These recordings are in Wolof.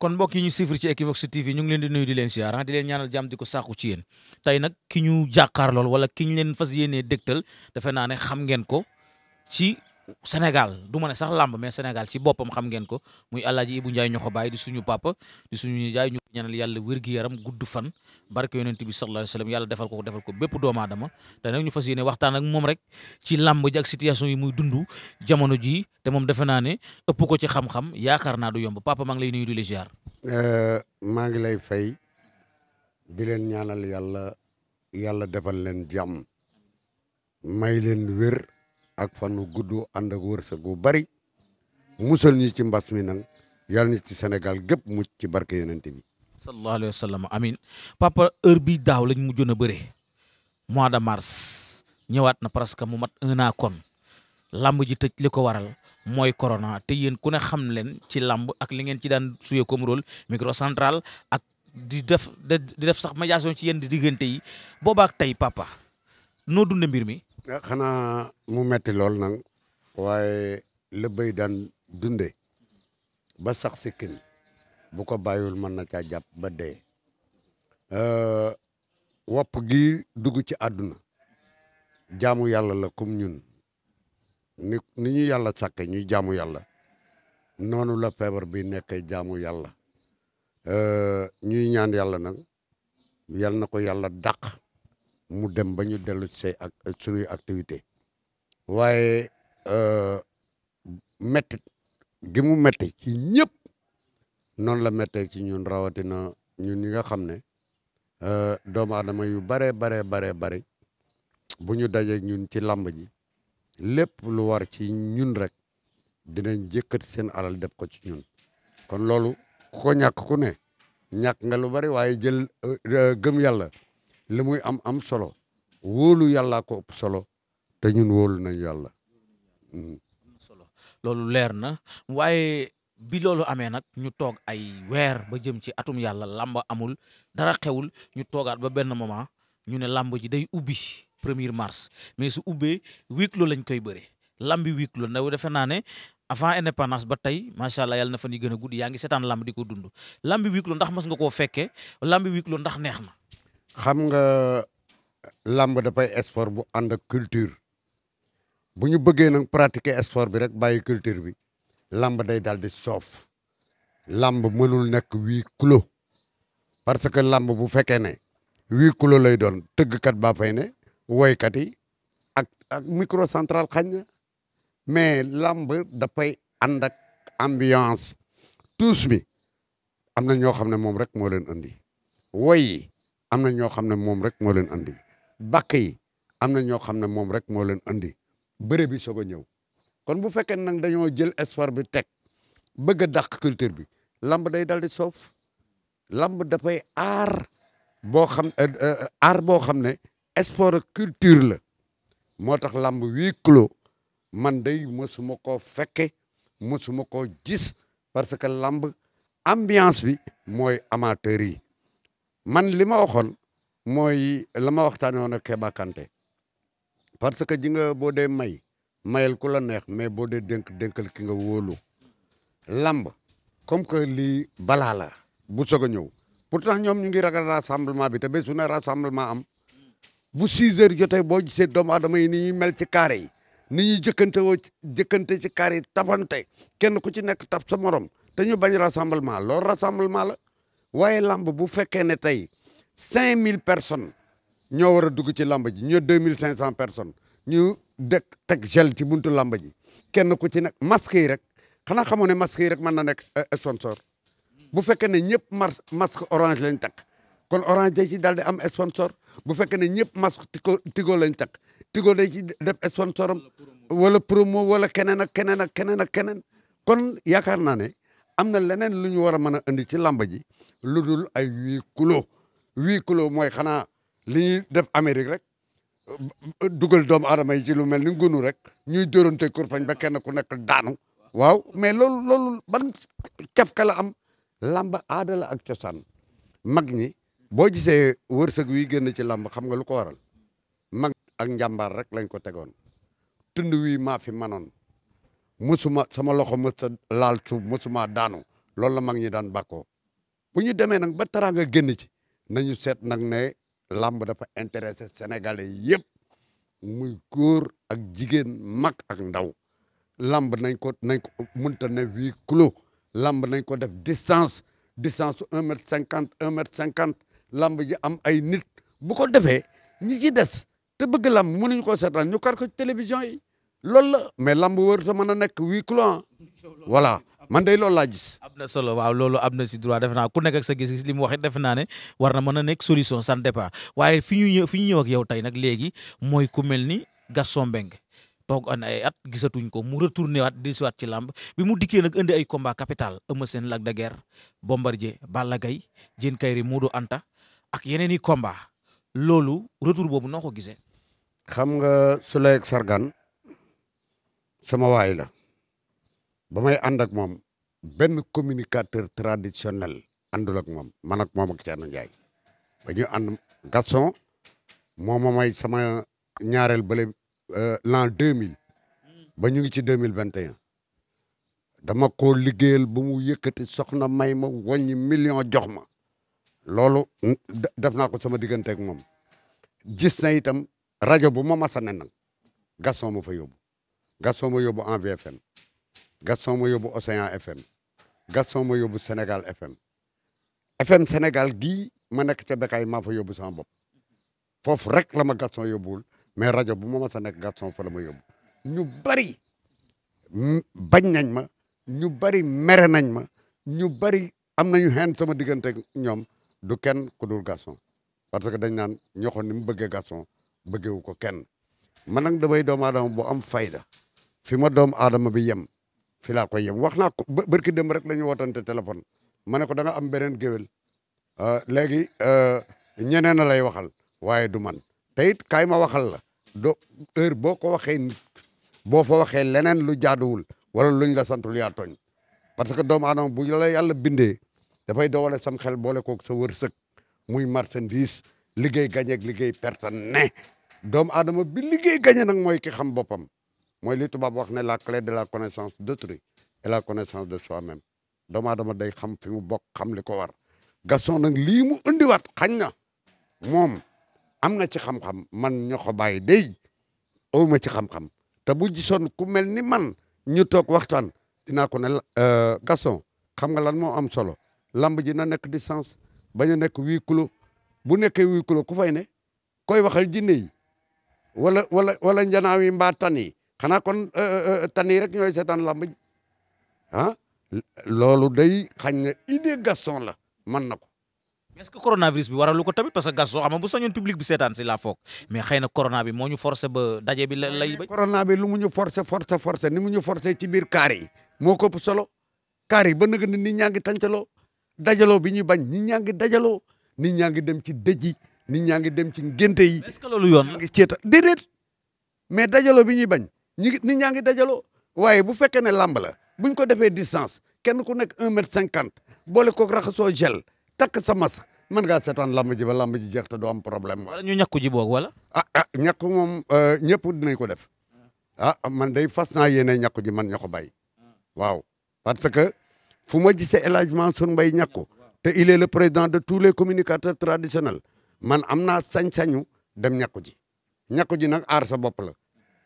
kon mbokk yi ñu siifre ci Equivox TV ñu ngi leen di nuyu di leen siyaar di leen ñaanal jàmm di ko sàkku ci yéen tey nag ki ñu jàkkaar lool wala ki ñu leen fas yéenee dégtal defe naa ne xam ngeen ko ci Sénégal du ma ne sax làmb mais Sénégal ci boppam xam ngeen ko muy Alaaji Ibu Njaay ñoxo bàyyi di suñu papa di suñu njaay ñu ñaanal yàlla wér-gi-yaram gudd fan barke yonent bi sallallahu alayhi wasallam yàlla defal ko defal ko bépp doomu aadama te nag ñu fas yéene waxtaan ak moom rek ci làmb ji situation yi muy dund jamono jii te moom defe naa ne ëpp ko ci xam-xam yaakaar naa du yomb papa maa ngi lay nuyu di la ziar. Euh, maa ngi lay fay di leen ñaanal yàlla yàlla defal leen jàmm ak fan wu gudd ànd ak wërsëg gu bari musal ñu ci mbas mi nag yàlla ñu ci senegal gépp mucc ci barke yonent bi. sallallahu alayhi wa sallam amin papa heure bi daaw lañ mujjoon a bëree mois de mars ñëwaat na presque mu mat un kon lamb ji tëj li ko waral mooy corona te yéen ku ne xam leen ci lamb ak li ngeen ci daan suye comme rôle microcentral ak di def def sax médiation ci yenn diggante yi boobaak tey papa noo dundee mbir mi. Eh, xanaa mu metti lool nag waaye la béy daan dunde ba sax sikkin bu ko bàyyiwul mën na caa jàpp ba dee eh, wopp gi dugg ci àdduna jaamu yàlla la comme ñun ni ni ñu yàlla sàkke ñuy jaamu yàlla noonu la feebar bi nekkee jaamu yàlla eh, ñuy ñaan yàlla nag yal na ko yàlla dàq mu dem ba ñu dellu say ak suñuy activité waaye euh, metti gi metti ci ñëpp noonu la méttee ci ñun rawatina ñun ñi nga xam ne euh, doomu aadama yu bare bare bare bare bu ñu dajeeg ñun ci làmb ji lépp lu war ci ñun rek dinañ jëkkati seen alal def ko ci ñun kon loolu ko ñàkk ku ne ñàkk nga lu bari waaye jël euh, gëm yàlla li am am solo wóolu yàllaa ko solo te ñun wóolu nañ yàlla. Mm. solo loolu leer na waaye bi loolu amee nag ñu toog ay weer ba jëm ci atum yàlla lamba amul dara xewul ñu toogaat ba benn moment ñu ne làmb ji day ubbi premier mars mais su ubbee huis clos lañ koy bëree lambi huis clos ndaw defe naa ne avant indépendance ba tey macha allah yàlla na fan yi gën a gudd yaa ngi setaan lamb di ko dund lambi huis clos ndax mas nga koo fekkee lambi huis clos ndax neex na. xam nga làmb dafay sport bu ànd ak culture bu ñu bëggee nag pratique sport bi rek bàyyi culture bi làmb day daal di soof làmb mënul nekk huis clos parce que lamb bu fekkee ne huis clos lay doon tëggkat baa fay ne woykat yi ak ak micro central xañ na mais làmb dafay ànd ak ambiance tous bi am na ñoo xam ne moom rek moo leen andi woy am na ñoo xam ne moom rek moo leen andi bakk yi am na ñoo xam ne moom rek moo leen andi bëre bi soog a ñëw kon bu fekkee nag dañoo jël espoir bi teg bëgg a culture bi lamb day dal di soof lamb dafay aar boo xam euh, euh, boo xam ne sport culture la moo tax lamb huis clos man day mësuma koo fekke mësuma koo gis parce que lamb ambiance bi mooy amateur yi man li ma waxoon mooy la ma waxtaanee woon a Keba Kanté parce que ji nga boo dee may mayal ku la neex mais boo dee dénk dénkal ki nga wóolu lamb comme que lii balaa la bu soog a ñëw pourtant ñoom ñu ngi ragal rassemblement bi te bés bu ne rassemblement am bu 6 heures jotee boo gisee doomu aadama yi ni ñuy mel ci carré yi ni ñuy jëkkante woo jëkkante ci carré yi tabante kenn ku ci nekk tab sa morom te ñu bañ rassemblement loolu rassemblement la waaye lamb bu fekkee ne tey cinq mille personnes ñoo war a dugg ci lamba ji ñu deux mille cinq cent personnes ñu dek teg gel ci buntu lamba ji kenn ku ci nekk masque yi rek xanaa xamoo ne masque rek mën na nekk euh, sponsor bu fekkee ne ñëpp mar masque orange lañ takk kon orange day ci daal di am sponsor bu fekkee ne ñëpp masque tigo tigo lañ takk tigo day ci def sponsor am wala promo wala keneen ak keneen keneen ak keneen kon yaakaar naa ne am na leneen lu ñu war a mën a indi ci lamba ji lu dul ay huis clos huis clos mooy xanaa li ñuy def Amérique rek dugal doomu aadama yi ci lu mel ni gunu rek ñuy dóorante kurpañ ba kenn ku nekk daanu waaw mais loolu loolu ban kef ka la am làmb aada ak cosaan mag ñi boo gisee wërsëg wi génn ci làmb xam nga lu ko waral mag ak njàmbaar rek lañ ko tegoon tund wi maa fi manoon musuma sama loxo mësta laal suuf musuma daanu loolu la mag ñi daan bàkkoo bu ñu demee nag ba teraanga génn ci nañu seet nag ne làmb dafa intéressé sénégalais yëpp muy góor ak jigéen mag ak ndaw làmb nañ ko nañ ko mënta ne huis clos làmb nañ ko def distance distance su un mètre cinquante un mètre cinquante làmb ji am ay nit bu ko defee ñi ci des te bëgg làmb mënuñu ko seetaan ñu kar ko télévision yi loolu la mais lamb wër te mën a nekk huis clos voilà man day loolu laa gis. am na solo waaw loolu am na si droit def naa ku nekk ak sa gis-gis li mu wax defe naa ne war na mën a nekk solution sans départ waaye fi ñu ñëw fi ñu ñëw ak yow tey nag léegi mooy ku ni Gaston Mbengue toog an ay at gisatuñ ko mu retourné waat ci lamb bi mu dikkee nag indi ay combat capital Eumeu Sène Lac de Guiers Bombardier Balla Gaye Diène Kaïré Modou Anta ak yeneen i combat loolu retour boobu noo ko gisee. xam nga Souley ak sama waay la ba may ànd moom benn communicateur traditionnel àndul moom man ak moom ak Thierno Ndiaye ba ñu ànd Gaston moom moo may sama ñaareel bële euh, l'an 2000 ba ñu ngi ci 2021 dama ko liggéeyal ba mu yëkkati soxna may ma wàññi million jox ma loolu def naa ko sama diggante ak moom gis na rajo bu ma masa ne nag ma fa yóbbu Gaston ma yóbbu Envie FM Gaston ma yóbbu Océan FM Gaston ma yóbbu Sénégal FM FM Sénégal gii ma nekk ca Bécaye maa fa yóbbu sama bopp foofu rek la ma Gaston yóbbuwul mais rajo bu ma mas a nekk Gaston fa la ma yóbbu ñu bari bañ nañ ma ñu bari mere nañ ma ñu bari am nañu xeen sama diggante ñoom du kenn ku dul Gaston parce que dañ naan ñoxoon ni mu bëggee Gaston bëggewu ko kenn man nag damay doomu aadama bu am fayda fi ma doom aadama bi yem fi laa koy yem wax naa ko barki dem rek la ñu te téléphone ma ne ko da am beneen géwél euh, léegi euh, ñeneen a lay waxal waaye du man te kaay ma waxal la do heure boo ko waxee nit boo fa waxee leneen lu jaaduwul wala luñ la santul yaa tooñ parce que doomu aadama bu la yàlla bindee dafay doole sam xel boole koog sa wërsëg muy marchandise liggéey gañeeg liggéey perte ne doomu aadama bi liggéey gañe nag mooy ki xam boppam mooy li tubaab wax ne la clé de la connaissance d'autrui et la connaissance de soi-même doomu aadama day xam fi mu bok xam li ko war Gaston nag lii mu indiwaat xañ na moom am na ci xam man ñoko ko bàyyi day aw ma ci xam-xam te bu gisoon ku mel ni man ñu toog waxtaan dinaa ko ne euh, Gaston xam nga lan moo am solo lamb ji na nekk distance bañ a nekk wii clos bu nekkee huis clos ku fay ne koy waxal jinne yi wala wala wala njanaaw yi xanaa kon eh, eh, eh, tan yi rek ñooy seetaan làmb ji ah loolu day xañ na idée Gaston la man na ko. est-ce que coronavirus bi waralu ko tamit parce que Gaston xam bu sañoon public bi seetaan si laa foog mais xëy na corona bi moo ñu forcé ba daje bi la lay. corona bi lu mu ñu forcé forcé forcé ni mu ñu forcé ci biir kaar moo ko ëpp solo kaar yi ba nag ni nit ñaa ngi tàncaloo dajaloo bi ñuy bañ ni ñaa ngi dajaloo nit ñaa ngi dem ci dëj yi nit ñaa ngi dem ci ngénte yi. est que loolu yoon la ngi ceeta déedéet mais dajaloo bi ñuy bañ. ñi ngi nit ñaa ngi dajaloo waaye bu fekkee ne làmb la ñu ko defee distance kenn ku nekk un mètre cinquante boole ko raxasoo jel takk sa masque mën ngaa seetaan làmb ji ba làmb ji jeex te doo problème. wala ñu ñàkku ji boog wala. ah ah ñàkku moom euh, ñëpp dinañ ko def ah man day fas naa yéene ñàkku ji man ña ko bàyyi waaw parce que fu ma gisee El Hadj Mansour Mbaye ñàkku te il le président de tous les communicateurs traditionnels man am naa sañ dem ñàkku ji ñàkku ji nag aar sa bopp la.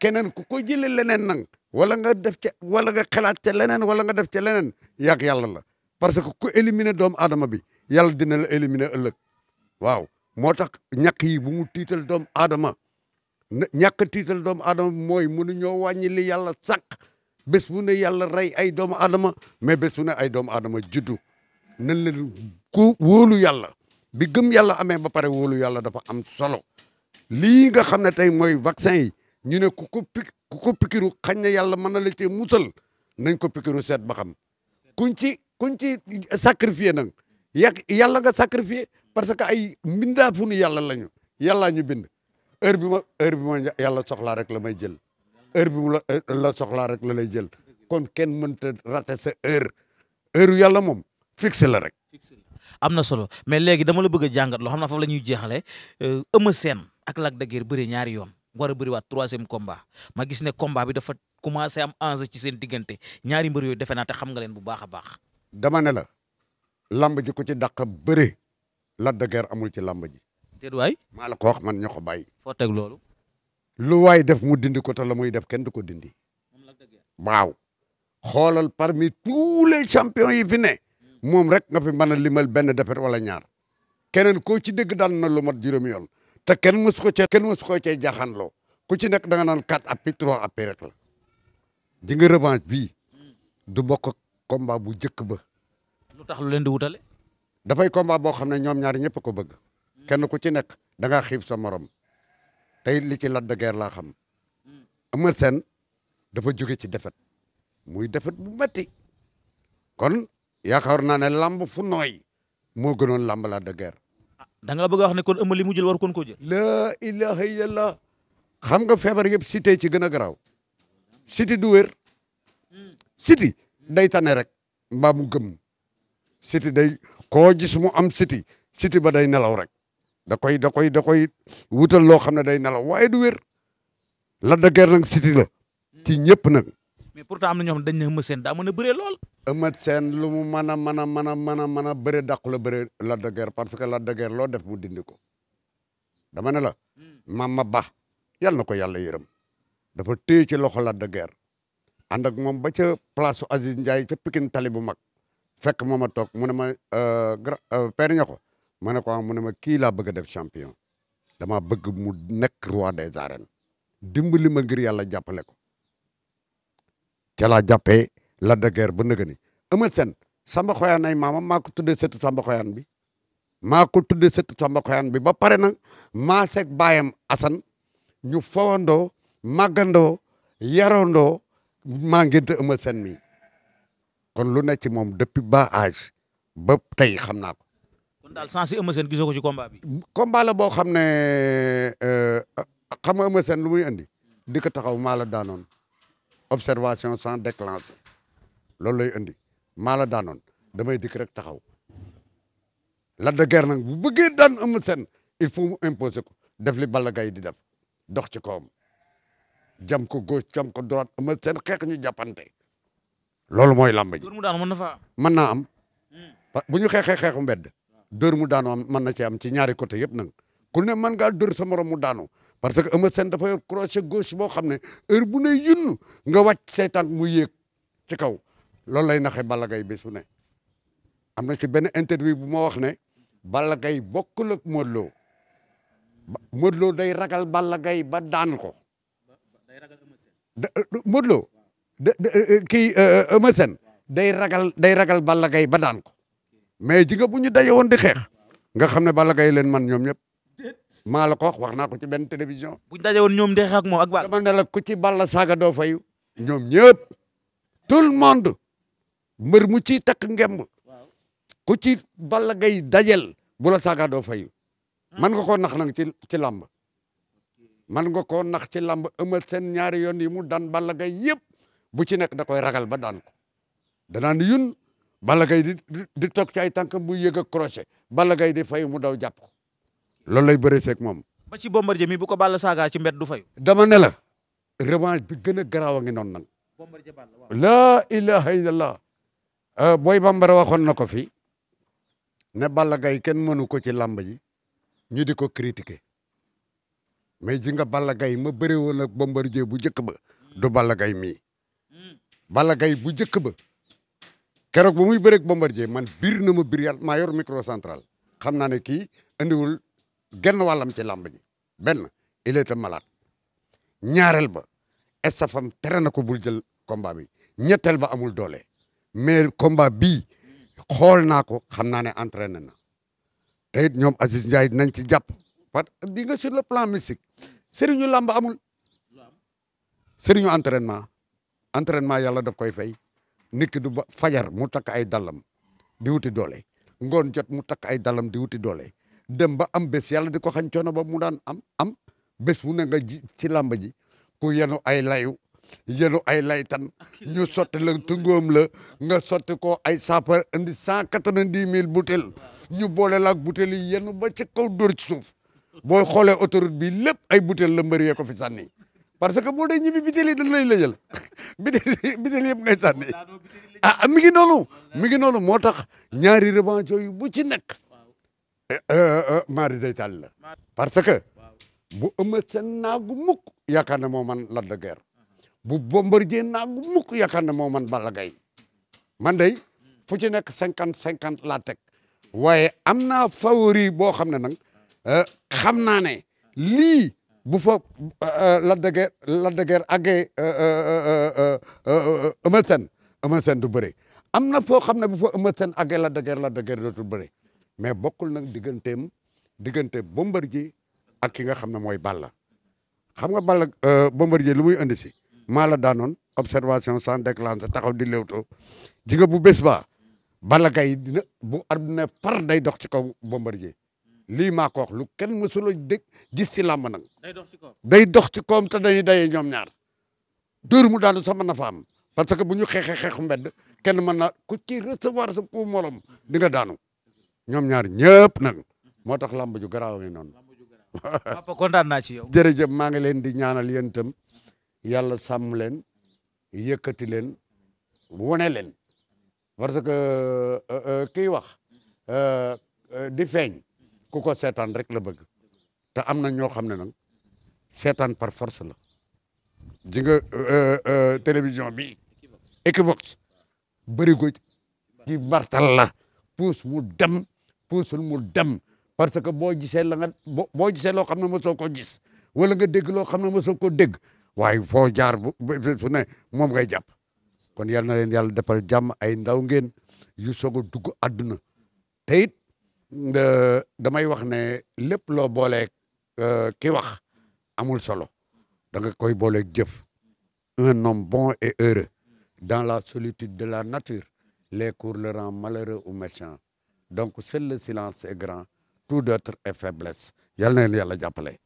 keneen ku ko jëlee leneen nang wala nga def ca wala nga xalaat ca leneen wala nga def ca leneen yàgg yàlla la parce que ku éliminer doomu aadama bi yàlla dina la éliminer ëllëg waaw moo tax ñàkk yi bu tiital doom aadama ñàkk tiital doomu aadama mooy mënu ñoo wàññi li yàlla sàq bés bu ne yàlla rey ay doomu aadama mais bés bu ne ay doomu aadama juddu nan la ku wóolu yàlla bi gëm yàlla amee ba pare wóolu yàlla dafa am solo lii nga xam ne tey mooy vaccin yi ñu ne ku ko pik ku ko xañ na yàlla mën na la cee musal nañ ko pikiru seet ba xam kuñ ci kuñ ci sacrifié nag yàq yàlla nga sacrifié parce que ay mbindaafu nu yàlla lañu yàllaa ñu bind heure bi ma heure bi ma yàlla soxlaa rek la may jël heure bi la la soxlaa rek la lay jël kon kenn mënta rater sa heure heure yàlla moom fixé la rek. am na solo mais léegi dama la bëgg a loo xam ne foofu la ñuy jeexale euh, Eumeu Sène ak Lac de Guiers bëri ñaari yoon. war a bëriwaat troisième combat ma gis ne combat bi dafa commencé am enjeu ci seen diggante ñaari mbër yooyu defe naa te xam ngaleen bu baax a baax. dama ne la. lamb ji ku ci dàq bëre. Lac de Guiers amul ci lamb ji. waay maa la ko wax man ñoo ko bàyyi. foo teg loolu. lu waay def mu dindi ko te la muy def kenn du ko dindi. baaw xoolal parmi tous les champions yi fi ne. moom rek nga fi mën a limal benn defet wala ñaar. keneen koo ci dégg daan na lu mat juróomi yoon. te kenn mësu ko cee kenn mësu ko cee jaaxaanloo ku ci nekk da nga naan quatre appuis trois appuis rek la jinga nga bi du bokk combat bu jëkk ba. lu tax lu leen di wutale. dafay combat boo xam ne ñoom ñaar ñëpp ko bëgg kenn ku ci nekk da ngaa xiib sa morom tey li ci Lac de laa xam Eumeu Sène dafa jóge ci defet muy defet bu metti kon yaakaar naa ne lamb fu nooy moo gënoon lamb Lac de da nga bëgg a wax ne kon ëmb li mu jël war kon koo jël. la ilaha xam nga feebar yëpp cité ci gën a garaaw. siti du wér. siti day tane rek. mbaa mu gëm. cité day ko gis mu am cité cité ba day nelaw rek. da koy da koy da koy wutal loo xam ne day nelaw waaye du wér. la de guerre nag la. ci ñëpp nag. mais pourtant am na ñoom xam dañ ne Eumeu Sène daa mën a bëree lool. Eumeu seen lu mu mën a mën a mën a mën a mën a bëre dàqu la bëre Lac de Guiers parce que Lac de Guiers loo def mu dindi ko dama ne la Mama Ba yal na ko yàlla yërëm dafa téye ci loxo Lac de Guiers ànd ak moom ba ca place su Aziz Ndiaye ca Pikine tali bu mag fekk moom a toog mu ne ma euh, grand euh, père ña ko ma ne ko ah mu ne ma kii laa bëgg def champion dama bëgg mu nekk roi des arènes dimbali ma ngir yàlla jàppale ko ca laa jàppee. Lac de Guiers ba nëga ni Eumeu Sène Samba Xoyaan ay maamam maa ko tuddee Samba Xoyaan bi maa ko tuddee sëtu Samba Xoyaan bi ba pare nag maa seeg baayam Assane ñu fowandoo màggandoo yarandoo maa ngénte Eumeu mi kon lu ne ci moom depuis bas âge ba tey xam naa ko. kon daal sens si Eumeu Sène gisoo ko ci combat bi. combat boo xam ne euh, xam nga Eumeu Sène lu muy andi di ko taxaw maa la daanoon observation sans déclencher. loolu lay indi maa la daanoon damay dikk rek taxaw Lac de Guiers bu bëggee daan Eumeu Sène il faut mu imposer ko def li Balla Gaye di def dox ci kawam jam ko gauche jam ko droite Eumeu Sène xeex ñu jàppante loolu mooy làmb ji. dóor mu daanu mën na fa mën naa am hmm. bu ñu xeexee xeexu mbedd dóor mu daanu am mën na ci am ci ñaari côté yëpp nag ku ne mën ngaa dóor sa morom mu daanu parce que Eumeu Sène dafa yor crochet gauche boo xam ne heure bu ne yunn nga wàcc seytaan mu yéeg ci kaw loolu lay naxee Balla Gaye bés bu ne am na ci benn interview bu ma wax ne Balla Gaye bokkul ak Modou Lo Modou day ragal Balla gay ba daan ko Modou Lo da kii euh, euh, Eumeu Sène day ragal day ragal Balla Gaye ba daan ko mais ji bu ñu daje woon di xeex nga xam ne bala Gaye leen man ñoom ñëpp maa la ko wax wax naa ko ci benn télévision. bu ñu daje woon ñoom di xeex ak moom ak Balla. dama ci Balla saaga doo fayu ñoom ñëpp tout le monde. mbër mu ci takk ngemb ku ci Balla gay dajel bula la saaga doo fayu ah. man nga koo nax nag ci ci làmb man nga koo nax ci lamba Eumeu Sène ñaari yoon yi mu dan Balla Gaye yëpp bu ci nekk da koy ragal ba daan ko danaan yun Balla Gaye di di toog ci ay tànkam muy yëg ak crochet Balla gay di fayu mu daw jàpp ko loolu lay bëree seeg moom ba ci Bombardier mi bu ko Balla saaga ci mbedd du fay dama ne la bi gën a garaaw a ngi noonu nag laa ilaha illallah Euh, booy bambara waxoon na ko fi ne Balla gay kenn mënu ko ci làmb ji ñu di ko critiquer mais ji nga Balla gay ma bëre woon ak Bombardier bu njëkk ba do Balla gay mii Balla gay bu njëkk ba keroog ba muy bëreeg Bombardier man biir na ma biir yàlla maa yor micro central xam naa ne kii andiwul genn wàllam ci làmb ji benn il malaat malade ñaareel ba estafam tere na ko bul jël combat bi ñetteel ba amul doole. mais combat bii xool naa ko xam naa ne entraîné na te it ñoom Aziz Ndiaye nañ ci jàpp parce que di nga sur le plan mystique sëriñu làmb amul sëriñu entraînement entraînement yàlla daf koy fay nikki du ba fajar mu takk ay dallam di wuti doole ngoon jot mu takk ay dallam di wuti doole dem ba am bés yàlla di ko xañ coono ba mu daan am am bés bu ne nga ji ci làmb ji ku yenu ay layu yenu ay laytan ñu sotti la tungóom la nga sotti ko ay saafara indi cent quatre-vingt-dix mille bouteilles ñu boole la ak bouteilles yi yenu ba ci kaw dóor ci suuf booy xoolee autoroute bi lépp ay bouteilles la mbëri ko fi sànni parce que boo dee ñibbi bouteilles yi dañ lay lëjal bouteilles bouteilles yëpp ngay sànni ah mi ngi noonu mi ngi noonu moo tax ñaari revanche yooyu bu ci nekk eh, eh, eh, maari day tàll la parce que bu ëmb seen naagu mukk yaakaar ne moo man Lac de Guiers bu Bombardier naagu mukk yaakaar ne moo man Balla gay man day fu ci nekk cinquante cinquante laa teg waaye am naa favori boo xam ne nag euh, xam naa ne lii bu fa euh, Lac de Guiers Lac de Guiers àggee euh, Eumeu Sène du bëre am na foo xam ne bu fa Eumeu Sène àggee Lac de Guiers Lac de mais bokkul nag digganteem diggante Bombardier ak ki nga xam ne mooy Balla xam nga Balla Bombardier lu muy indi si maa la daanoon observation sans déclencher taxaw di lewtoo ji bu bés ba Balla dina bu àdduna par day dox ci kaw Bombardier lii maa ko lu kenn mësuloo dégg gis ci làmb nag. day dox ci day dox ci kawam ta day day ñoom ñaar dóor mu daanu sama na fa am parce que bu ñu xeexee xeexu mbedd kenn mën na ku ci recevoir sa pour morom di nga daanu ñoom ñaar ñëpp nag moo tax lamba ju garaaw yi noonu. papa kontaan naa ci yow. jërëjëf maa ngi leen di ñaanal yéen yàlla sàmm leen yëkkati leen wone leen parce que euh, euh, kiy wax euh, di feeñ ku ko seetaan rek la bëgg te am na ñoo xam ne nag seetaan par force la ji nga télévision bi Equivox bëri ko ci mbartal la puus mu dem puusul mu dem parce que boo gisee la nga boo gisee loo xam ne mosoo ko gis wala nga dégg loo xam ne mosoo ko dégg waaye foo jaar bu fu ne moom ngay jàpp kon yal na leen yàlla defal jàmm ay ndaw ngeen yu soog a dugg àdduna te it damay wax ne lépp loo boolee euh, ki wax amul solo da nga koy booleeg jëf nom bon et heureux dans la solitude de la nature les cours le rend malheureux ou méchant donc seul le silence est grand tout d'autre est faiblesse yal na leen yàlla jàppale